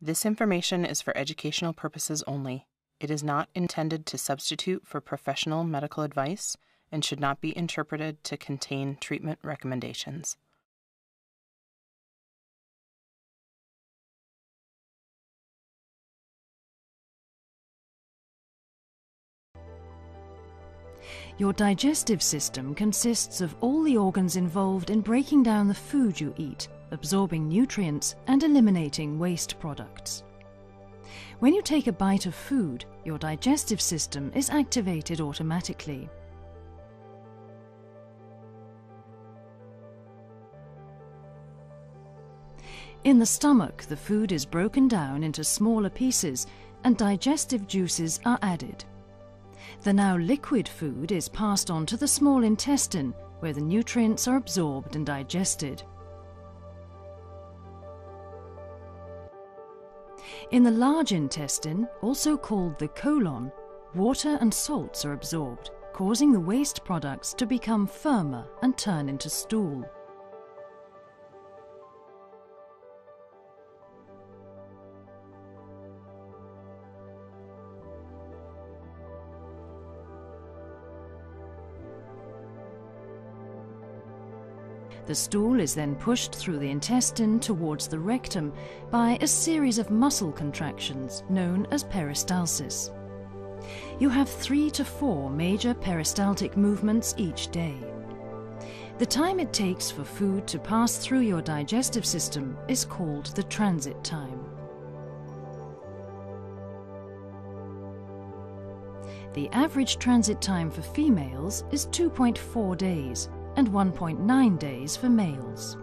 This information is for educational purposes only. It is not intended to substitute for professional medical advice and should not be interpreted to contain treatment recommendations. Your digestive system consists of all the organs involved in breaking down the food you eat absorbing nutrients and eliminating waste products. When you take a bite of food, your digestive system is activated automatically. In the stomach, the food is broken down into smaller pieces and digestive juices are added. The now liquid food is passed on to the small intestine where the nutrients are absorbed and digested. In the large intestine, also called the colon, water and salts are absorbed, causing the waste products to become firmer and turn into stool. The stool is then pushed through the intestine towards the rectum by a series of muscle contractions known as peristalsis. You have three to four major peristaltic movements each day. The time it takes for food to pass through your digestive system is called the transit time. The average transit time for females is 2.4 days, and 1.9 days for males.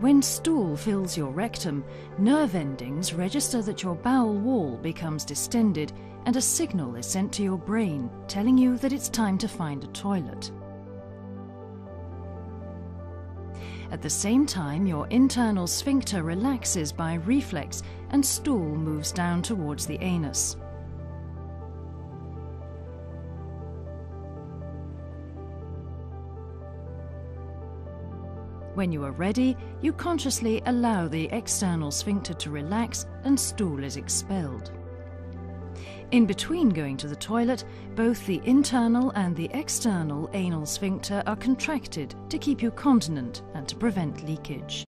When stool fills your rectum, nerve endings register that your bowel wall becomes distended and a signal is sent to your brain telling you that it's time to find a toilet. At the same time, your internal sphincter relaxes by reflex and stool moves down towards the anus. When you are ready, you consciously allow the external sphincter to relax and stool is expelled. In between going to the toilet, both the internal and the external anal sphincter are contracted to keep you continent and to prevent leakage.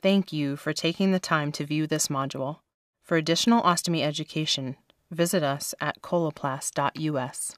Thank you for taking the time to view this module. For additional ostomy education, visit us at coloplast.us.